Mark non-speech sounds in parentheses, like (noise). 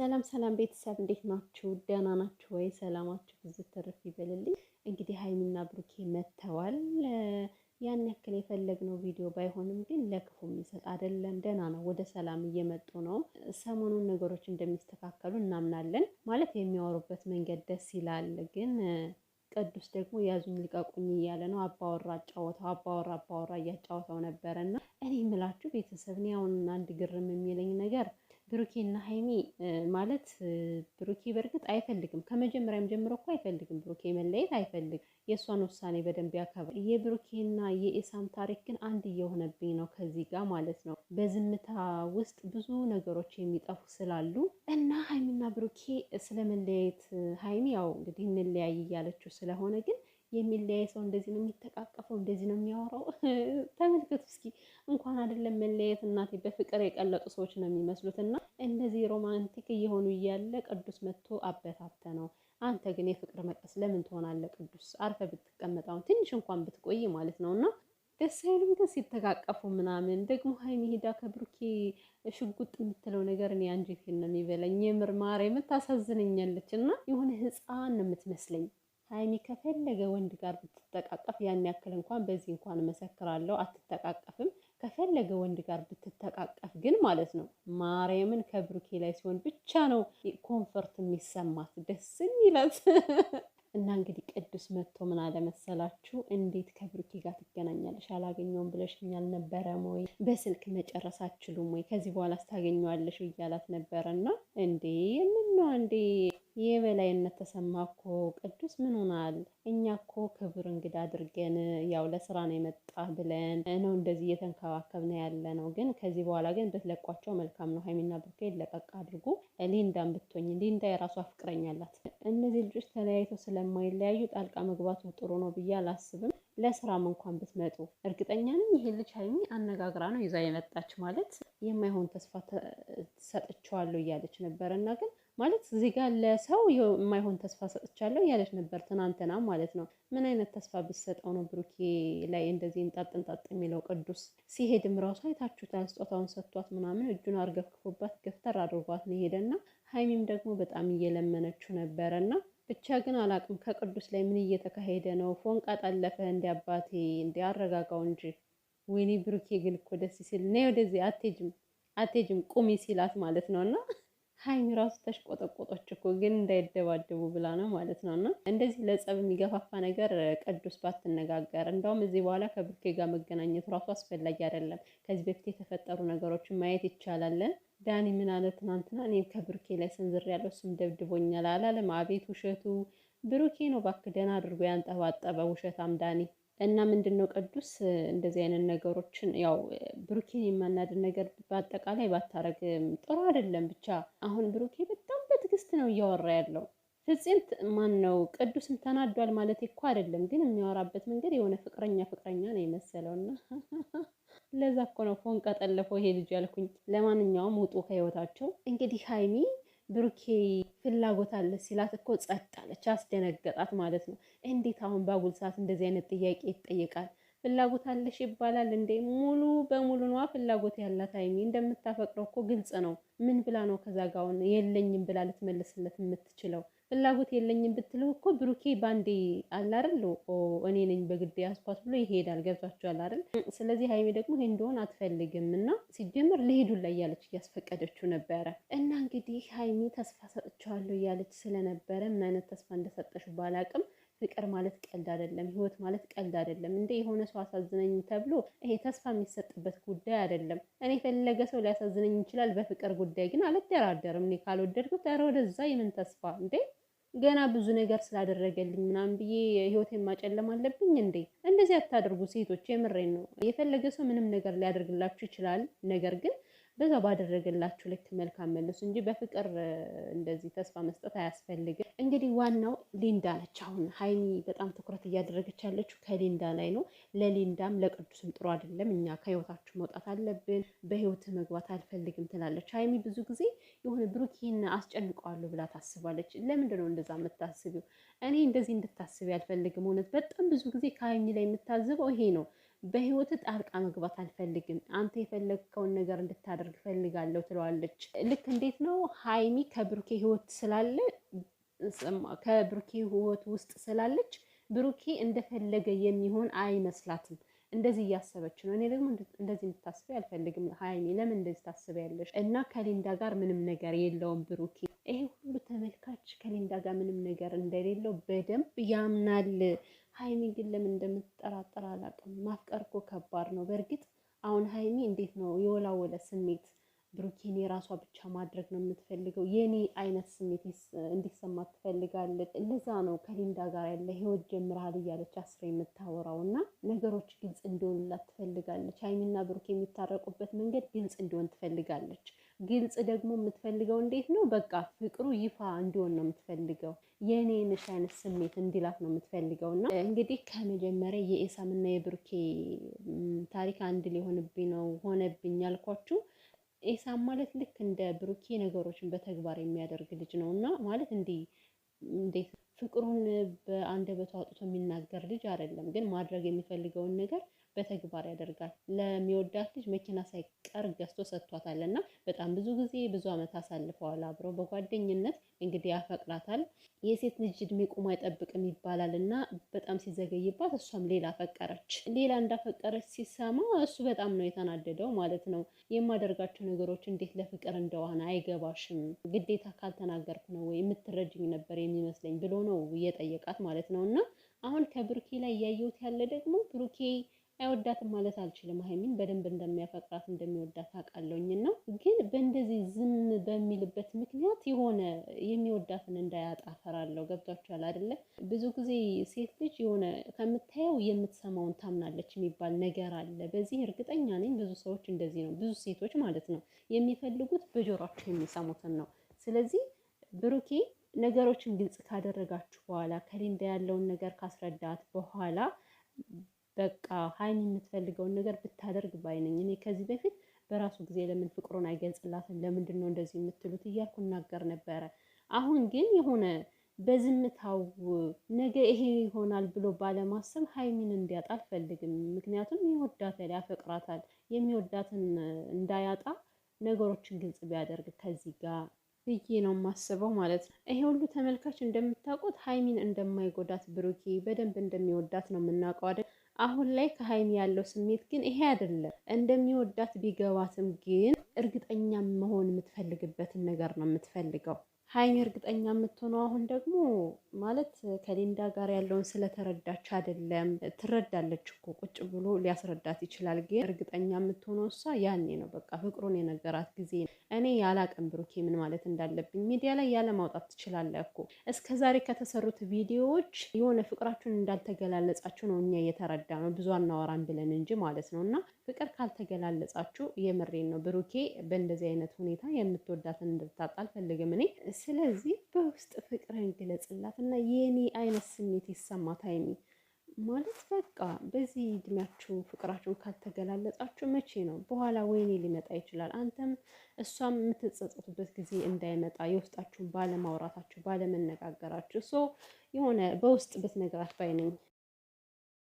ሰላም ሰላም ቤተሰብ እንዴት ናችሁ? ደህና ናችሁ ወይ? ሰላማችሁ ብዙ ትርፍ ይበልልኝ። እንግዲህ ሀይሚና ብሩኬ መጥተዋል። ያን ያክል የፈለግነው ቪዲዮ ባይሆንም ግን ለክፉ የሚሰጥ አይደለም። ደህና ነው፣ ወደ ሰላም እየመጡ ነው። ሰሞኑን ነገሮች እንደሚስተካከሉ እናምናለን። ማለት የሚያወሩበት መንገድ ደስ ይላል። ግን ቅዱስ ደግሞ ያዙኝ ልቀቁኝ እያለ ነው። አባወራ አጫወተው፣ አባወራ አባወራ እያጫወተው ነበረ እና እኔ የምላችሁ ቤተሰብ እኔ አሁን አንድ ግርም የሚለኝ ነገር ብሩኬና ሀይሚ ማለት ብሩኬ በእርግጥ አይፈልግም። ከመጀመሪያም ጀምሮ እኮ አይፈልግም። ብሩኬ መለየት አይፈልግም። የእሷን ውሳኔ በደንብ ያከብራል። የብሩኬና የኢሳም ታሪክ ግን አንድ እየሆነብኝ ነው ከዚህ ጋር ማለት ነው። በዝምታ ውስጥ ብዙ ነገሮች የሚጠፉ ስላሉ እና ሀይሚና ብሩኬ ስለመለየት ሀይሚ ያው እንግዲህ እንለያይ እያለችው ስለሆነ ግን የሚለያይ ሰው እንደዚህ ነው የሚተቃቀፈው፣ እንደዚህ ነው የሚያወራው። (laughs) ተመልከቱ እስኪ እንኳን አይደለም መለያየት እናቴ በፍቅር የቀለጡ ሰዎች ነው የሚመስሉት። እና እንደዚህ ሮማንቲክ እየሆኑ እያለ ቅዱስ መጥቶ አበታተ ነው። አንተ ግን የፍቅር መቀስ ለምን ትሆናለህ? ቅዱስ አርፈ ብትቀመጥ ትንሽ እንኳን ብትቆይ ማለት ነው እና ደስ አይልም ግን ሲተቃቀፉ ምናምን። ደግሞ ሀይሚ ሄዳ ከብሩኬ ሽጉጥ የምትለው ነገር እኔ አንጀቴን ነው የሚበላኝ። የምርማር የምታሳዝነኛለች እና የሆነ ህፃን ነው የምትመስለኝ ሀይሚ ከፈለገ ወንድ ጋር ብትጠቃቀፍ ያን ያክል እንኳን በዚህ እንኳን መሰክራለሁ አትጠቃቀፍም። ከፈለገ ወንድ ጋር ብትተቃቀፍ ግን ማለት ነው ማርያምን ከብሩኬ ላይ ሲሆን ብቻ ነው ኮንፈርት የሚሰማት ደስ የሚላት (laughs) እና እንግዲህ ቅዱስ መጥቶ ምን አለመሰላችሁ እንዴት ከብሩኬ ጋር ትገናኛለሽ አላገኘውም ብለሽኛል ነበረም ወይ በስልክ መጨረስ አችሉም ወይ ከዚህ በኋላ ስታገኘዋለሽ እያላት ነበረ እና እንዴ ምን እንዴ የበላይነት ተሰማ እኮ ቅዱስ ምን ሆናል? እኛ እኮ ክቡር እንግዳ አድርገን ያው ለስራ ነው የመጣ ብለን ነው እንደዚህ እየተንከባከብን ያለ ነው። ግን ከዚህ በኋላ ግን ብትለቋቸው መልካም ነው። ሀይሚና ብሩኬ ለቀቅ አድርጉ። ሊንዳን ብትሆኝ ሊንዳ የራሷ ፍቅረኛ እነዚህ ልጆች ተለያይተው ስለማይለያዩ ጣልቃ መግባቱ ጥሩ ነው ብዬ አላስብም። ለስራም እንኳን እንደምትመጡ እርግጠኛ ነኝ። ይሄ ልጅ ሀይሚ አነጋግራ ነው ይዛ የመጣች ማለት የማይሆን ተስፋ ሰጥቼዋለሁ እያለች ነበር እና ግን ማለት እዚህ ጋር ለሰው የማይሆን ተስፋ ሰጥቻለሁ እያለች ነበር ትናንትና ማለት ነው። ምን አይነት ተስፋ ቢሰጠው ነው ብሩኬ ላይ እንደዚህ እንጣጥ እንጣጥ የሚለው? ቅዱስ ሲሄድም ራሱ አይታችሁታል። ስጦታውን ሰጥቷት ምናምን እጁን አርገፍክፎባት ገፍተር አድርጓት ነው የሄደና ሀይሚም ደግሞ በጣም እየለመነችው ነበረና ብቻ ግን አላቅም ከቅዱስ ላይ ምን እየተካሄደ ነው? ፎንቃ ጠለፈህ እንዲ አባቴ እንዲ አረጋጋው እንጂ። ወይኔ ብሩኬ ግን እኮ ደስ ሲል ነ ወደዚህ አቴጅም አቴጅም ቁሚ ሲላት ማለት ነው እና ሀይሚ ራሱ ተሽቆጠቆጦች እኮ ግን እንዳይደባደቡ ብላ ነው ማለት ነው። እና እንደዚህ ለጸብ የሚገፋፋ ነገር ቅዱስ ባትነጋገር፣ እንደውም እዚህ በኋላ ከብሩኬ ጋር መገናኘቱ ራሱ አስፈላጊ አይደለም። ከዚህ በፊት የተፈጠሩ ነገሮችን ማየት ይቻላለን። ዳኒ ምን አለ ትናንትና፣ እኔ ከብሩኬ ላይ ሰንዝር ያለው ስም ደብድቦኛል አላለም? አቤት ውሸቱ! ብሩኬ ነው እባክህ ደህና አድርጎ ያንጠባጠበ ውሸታም ዳኒ። እና ምንድን ነው ቅዱስ እንደዚህ አይነት ነገሮችን ያው ብሩኬን የማናድን ነገር በአጠቃላይ ባታረግ ጥሩ አይደለም። ብቻ አሁን ብሩኬ በጣም በትዕግስት ነው እያወራ ያለው። ፍፄም ማን ነው ቅዱስም ተናዷል ማለት እኮ አይደለም፣ ግን የሚያወራበት መንገድ የሆነ ፍቅረኛ ፍቅረኛ ነው የመሰለው እና (laughs) ለዛ እኮ ነው ፎን ቀጠለፈው ይሄ ልጅ ያልኩኝ። ለማንኛውም ውጡ ከህይወታቸው። እንግዲህ ሀይሚ ብሩኬ ፍላጎት አለ ሲላት እኮ ጸጥ አለች፣ አስደነገጣት ማለት ነው። እንዴት አሁን በአጉል ሰዓት እንደዚህ አይነት ጥያቄ ይጠየቃል? ፍላጎት አለሽ ይባላል እንዴ? ሙሉ በሙሉ ነዋ ፍላጎት ያላት ሀይሚ እንደምታፈቅረው እኮ ግልጽ ነው። ምን ብላ ነው ከዛ ጋውን የለኝም ብላ ልትመልስለት የምትችለው? ፍላጎት የለኝም ብትለው እኮ ብሩኬ ባንዴ አላርል እኔ ነኝ በግድ ያስኳት ብሎ ይሄዳል። ገብቷችኋል አይደል? ስለዚህ ሀይሜ ደግሞ ይሄ እንደሆነ አትፈልግም እና ሲጀምር ልሄዱን ላይ እያለች እያስፈቀደችው ነበረ። እና እንግዲህ ሀይሜ ተስፋ ሰጥቸዋለሁ እያለች ስለነበረ ምን አይነት ተስፋ እንደሰጠሽው ባላቅም ፍቅር ማለት ቀልድ አይደለም። ህይወት ማለት ቀልድ አይደለም። እንደ የሆነ ሰው አሳዝነኝ ተብሎ ይሄ ተስፋ የሚሰጥበት ጉዳይ አይደለም። እኔ የፈለገ ሰው ሊያሳዝነኝ ይችላል። በፍቅር ጉዳይ ግን አልደራደርም። እኔ ካልወደድኩት ኧረ ወደዛ የምን ተስፋ እንዴ! ገና ብዙ ነገር ስላደረገልኝ ምናምን ብዬ ህይወቴን ማጨለም አለብኝ እንዴ? እንደዚህ አታደርጉ ሴቶች፣ የምሬን ነው። የፈለገ ሰው ምንም ነገር ሊያደርግላችሁ ይችላል። ነገር ግን በዛ ባደረገላችሁ ልክ መልካም መልሱ እንጂ በፍቅር እንደዚህ ተስፋ መስጠት አያስፈልግም። እንግዲህ ዋናው ሊንዳ ነች። አሁን ሀይሚ በጣም ትኩረት እያደረገች ያለችው ከሊንዳ ላይ ነው። ለሊንዳም ለቅዱስም ጥሩ አይደለም። እኛ ከህይወታችሁ መውጣት አለብን፣ በህይወት መግባት አልፈልግም ትላለች ሀይሚ። ብዙ ጊዜ የሆነ ብሩኪን አስጨንቀዋለሁ ብላ ታስባለች። ለምንድን ነው እንደዛ የምታስቢው? እኔ እንደዚህ እንድታስቢ አልፈልግም። እውነት በጣም ብዙ ጊዜ ከሀይሚ ላይ የምታዝበው ይሄ ነው። በህይወት ጣልቃ መግባት አልፈልግም፣ አንተ የፈለግከውን ነገር እንድታደርግ ፈልጋለሁ ትለዋለች። ልክ እንዴት ነው ሀይሚ ከብሩኬ ህይወት ስላለ ከብሩኬ ህይወት ውስጥ ስላለች ብሩኬ እንደፈለገ የሚሆን አይመስላትም። እንደዚህ እያሰበች ነው። እኔ ደግሞ እንደዚህ እንድታስበ አልፈልግም። ሀይሚ ለምን እንደዚህ ያለች እና ከሊንዳ ጋር ምንም ነገር የለውም ብሩኬ። ይሄ ሁሉ ተመልካች ከሊንዳ ጋር ምንም ነገር እንደሌለው በደንብ ያምናል። ሀይሚ ግን ለምን እንደምትጠራጠር አላውቅም። ማፍቀር እኮ ከባድ ነው። በእርግጥ አሁን ሀይሚ እንዴት ነው የወላወለ ስሜት ብሩኬን የራሷ ብቻ ማድረግ ነው የምትፈልገው። የኔ አይነት ስሜት እንዲሰማ ትፈልጋለች። እንደዛ ነው ከሊንዳ ጋር ያለ ህይወት ጀምረሃል እያለች አስሬ የምታወራው እና ነገሮች ግልጽ እንዲሆንላት ትፈልጋለች። ሀይሚና ብሩኬ የሚታረቁበት መንገድ ግልጽ እንዲሆን ትፈልጋለች። ግልጽ ደግሞ የምትፈልገው እንዴት ነው? በቃ ፍቅሩ ይፋ እንዲሆን ነው የምትፈልገው። የእኔ ነሽ አይነት ስሜት እንዲላት ነው የምትፈልገው። እና እንግዲህ ከመጀመሪያ የኤሳምና የብሩኬ ታሪክ አንድ ሊሆንብኝ ነው ሆነብኝ ያልኳችሁ ኤሳም ማለት ልክ እንደ ብሩኬ ነገሮችን በተግባር የሚያደርግ ልጅ ነው እና ማለት እንዲህ እንዴት ፍቅሩን በአንደበቱ አውጥቶ የሚናገር ልጅ አይደለም፣ ግን ማድረግ የሚፈልገውን ነገር በተግባር ያደርጋል። ለሚወዳት ልጅ መኪና ሳይቀር ገዝቶ ሰጥቷታል እና በጣም ብዙ ጊዜ ብዙ ዓመት አሳልፈዋል አብረው በጓደኝነት እንግዲህ ያፈቅራታል። የሴት ልጅ እድሜ ቁም አይጠብቅም ይባላል እና በጣም ሲዘገይባት እሷም ሌላ ፈቀረች ሌላ እንዳፈቀረች ሲሰማ እሱ በጣም ነው የተናደደው ማለት ነው። የማደርጋቸው ነገሮች እንዴት ለፍቅር እንደሆነ አይገባሽም፣ ግዴታ ካልተናገርኩ ነው ወይ የምትረጅኝ ነበር የሚመስለኝ ብሎ ነው እየጠየቃት ማለት ነው እና አሁን ከብሩኬ ላይ እያየሁት ያለ ደግሞ ብሩኬ አይወዳትም ማለት አልችልም። ሀይሚን በደንብ እንደሚያፈቅራት እንደሚወዳት ነው ግን በእንደዚህ ዝም በሚልበት ምክንያት የሆነ የሚወዳትን እንዳያጣ ፈራለሁ። ገብቷችኋል አይደለ? ብዙ ጊዜ ሴት ልጅ የሆነ ከምታየው የምትሰማውን ታምናለች የሚባል ነገር አለ። በዚህ እርግጠኛ ነኝ። ብዙ ሰዎች እንደዚህ ነው፣ ብዙ ሴቶች ማለት ነው። የሚፈልጉት በጆሯቸው የሚሰሙትን ነው። ስለዚህ ብሩኬ ነገሮችን ግልጽ ካደረጋችሁ በኋላ ከሊንዳ ያለውን ነገር ካስረዳት በኋላ በቃ ሀይሚ የምትፈልገውን ነገር ብታደርግ ባይነኝ። እኔ ከዚህ በፊት በራሱ ጊዜ ለምን ፍቅሩን አይገልጽላትም? ለምንድን ነው እንደዚህ የምትሉት? እያልኩ እናገር ነበረ። አሁን ግን የሆነ በዝምታው ነገ ይሄ ይሆናል ብሎ ባለማሰብ ሀይሚን እንዲያጣ አልፈልግም። ምክንያቱም ይወዳታል፣ ያፈቅራታል። የሚወዳትን እንዳያጣ ነገሮችን ግልጽ ቢያደርግ ከዚህ ጋር ብዬ ነው የማስበው ማለት ነው። ይሄ ሁሉ ተመልካች እንደምታውቁት ሀይሚን እንደማይጎዳት ብሩኬ በደንብ እንደሚወዳት ነው የምናውቀው አይደል? አሁን ላይ ከሀይሚ ያለው ስሜት ግን ይሄ አይደለም። እንደሚወዳት ቢገባትም ግን እርግጠኛ መሆን የምትፈልግበትን ነገር ነው የምትፈልገው። ሀይሚ እርግጠኛ የምትሆነው አሁን ደግሞ ማለት ከሊንዳ ጋር ያለውን ስለተረዳች አይደለም። ትረዳለች እኮ ቁጭ ብሎ ሊያስረዳት ይችላል። ግን እርግጠኛ የምትሆነው እሷ ያኔ ነው በቃ ፍቅሩን የነገራት ጊዜ ነው። እኔ ያላቅም ብሩኬ ምን ማለት እንዳለብኝ ሚዲያ ላይ ያለ ማውጣት ትችላለህ እኮ እስከ ዛሬ ከተሰሩት ቪዲዮዎች የሆነ ፍቅራችሁን እንዳልተገላለጻችሁ ነው እኛ እየተረዳ ነው ብዙ አናወራን ብለን እንጂ ማለት ነው። እና ፍቅር ካልተገላለጻችሁ የምሬን ነው ብሩኬ በእንደዚህ አይነት ሁኔታ የምትወዳትን እንድታጣ አልፈልግም እኔ። ስለዚህ በውስጥ ፍቅርን ግለጽላት እና የኔ አይነት ስሜት ይሰማ ታይሚ ማለት በቃ በዚህ እድሜያችሁ ፍቅራችሁን ካልተገላለጻችሁ መቼ ነው በኋላ ወይኔ ሊመጣ ይችላል፣ አንተም እሷም የምትጸጸቱበት ጊዜ እንዳይመጣ የውስጣችሁን ባለማውራታችሁ ባለመነጋገራችሁ ሶ የሆነ በውስጥ ብትነግራት ባይነኝ